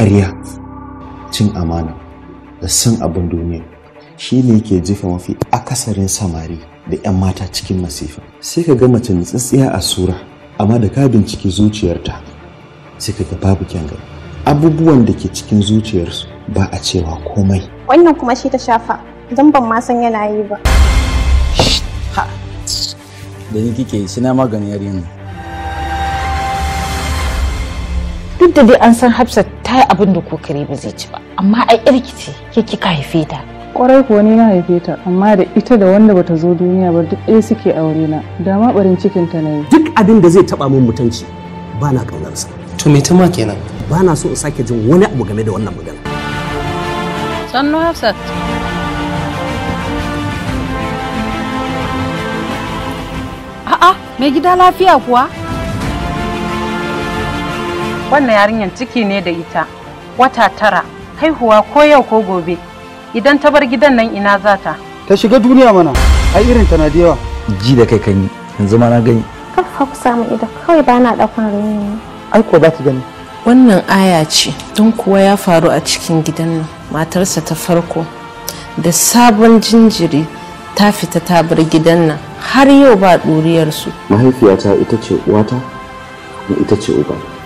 ƙarya cin amana da san abin duniya shi ne yake jefa mafi akasarin samari da 'yan mata cikin masifa sai ka ga mace nutsitsiya a sura amma da ka binciki zuciyarta sai ka ga babu kyan abubuwan da ke cikin zuciyarsu ba a cewa komai wannan kuma shi ta shafa don ban ma san yana yi ba da ni kike shi na maganin yarinya duk da dai an san hafsat ta yi abin da kokari ba zai ci ba amma ai irki ce ke kika haife ta kwarai kuwa ni na haife ta amma da ita da wanda bata zo duniya ba duk ɗaya suke aure na da ma barin cikin ta na yi duk abin da zai taba min mutunci ba na sa to me ta ma kenan ba na so in sake jin wani abu game da wannan magana sannu hafsat a'a mai gida lafiya kuwa wannan yarinyar ciki ne da ita wata tara haihuwa ko yau ko gobe idan ta bar gidan nan ina za ta ta shiga duniya mana ai irin ta na da yawa ji da kai kan yi yanzu ma na gani kar fa ku samu ido kawai ba na dakon rauni ai ko ba ta gani wannan aya ce don kuwa ya faru a cikin gidan nan matarsa ta farko da sabon jinjiri ta fita ta bar gidan nan har yau ba ɗuriyarsu mahaifiyata ita ce uwata ita ce uba